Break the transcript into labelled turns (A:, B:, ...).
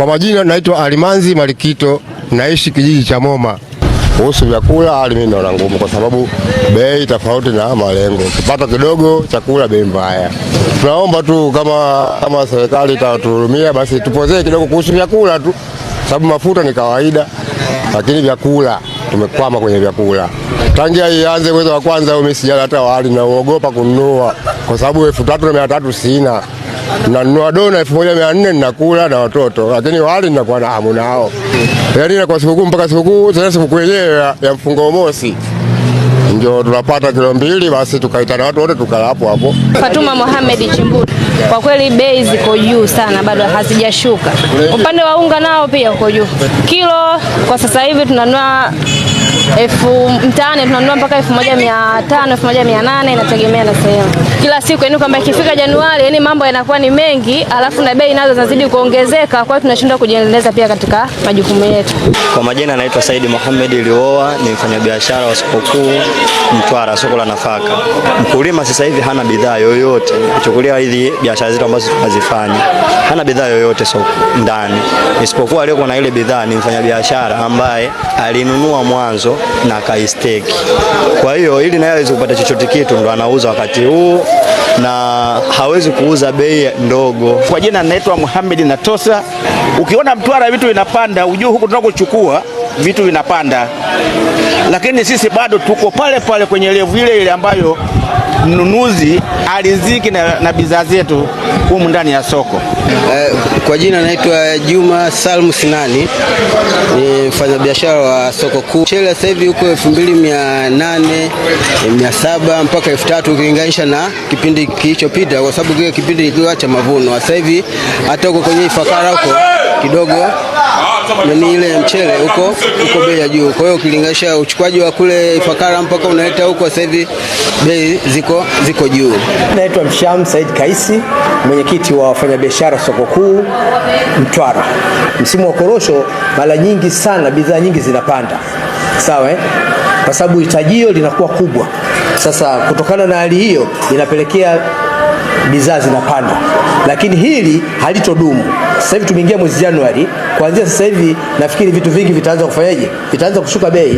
A: Kwa majina naitwa Alimanzi Malikito, naishi kijiji cha Moma. Kuhusu vyakula hali mimi naona ngumu, kwa sababu bei tofauti na malengo, kipato kidogo, chakula bei mbaya. Tunaomba tu kama, kama serikali itatuhurumia basi tupozee kidogo kuhusu vyakula tu, sababu mafuta ni kawaida, lakini vyakula tumekwama kwenye vyakula tangia ianze mwezi wa kwanza, mimi sijala hata wali, nauogopa kununua kwa sababu elfu tatu na mia tatu sina nanunua dona elfu moja mia nne ninakula na watoto, lakini wali ninakuwa na hamu nao, yaani nakuwa sikukuu mpaka sikukuu. Sasa sikukuu yenyewe ya mfungo mosi ndio tunapata kilo mbili, basi tukaita na watu wote tukala hapo hapo.
B: Fatuma Mohamed Chimburu, kwa kweli bei ziko juu sana, bado hazijashuka. Upande wa unga nao pia uko juu, kilo kwa sasa hivi tunanua elfu mtaani tunanunua mpaka elfu moja mia tano elfu moja mia nane inategemea na sehemu kila siku, yani kwamba ikifika Januari, yani mambo yanakuwa ni mengi, alafu na bei nazo zinazidi kuongezeka, kwa hiyo tunashindwa kujiendeleza pia katika majukumu yetu.
C: Kwa majina anaitwa Saidi Mohamed Ilioa, ni mfanyabiashara wa soko kuu Mtwara, soko la nafaka. Mkulima sasa hivi hana bidhaa yoyote, kuchukulia hizi biashara zetu ambazo tunazifanya, hana bidhaa yoyote soko ndani, isipokuwa aliyokuwa na ile bidhaa ni mfanyabiashara ambaye alinunua mwanzo na kaisteki. Kwa hiyo ili naye aweze kupata chochote kitu, ndo anauza wakati huu na hawezi kuuza bei ndogo.
D: Kwa jina naitwa Muhammad Natosa. Ukiona Mtwara vitu vinapanda, ujue huku tunakochukua vitu vinapanda, lakini sisi bado tuko pale pale kwenye levu ile ile ambayo mnunuzi ariziki na, na bidhaa zetu humu ndani ya soko.
E: Eh, kwa jina naitwa Juma Salmu Sinani, ni mfanyabiashara wa soko kuu. Mchele sasa hivi huko 2800 700 mpaka tatu ukilinganisha na kipindi kilichopita, kwa sababu kile kipindi kilikuwa cha mavuno. Sasa hivi hata uko kwenye Ifakara huko kidogo nani ile ya mchele huko huko bei ya juu. Kwa hiyo ukilinganisha uchukuaji wa kule Ifakara mpaka unaleta huko sasa hivi bei ziko ziko juu.
F: Naitwa Msham Said Kaisi, mwenyekiti wa wafanyabiashara soko kuu Mtwara. Msimu wa korosho mara nyingi sana bidhaa nyingi zinapanda, sawa eh? Kwa sababu hitajio linakuwa kubwa. Sasa kutokana na hali hiyo inapelekea bidhaa zinapanda, lakini hili halitodumu. Sasa hivi tumeingia mwezi Januari, kuanzia sasa hivi nafikiri vitu vingi vitaanza kufanyaje, vitaanza kushuka bei.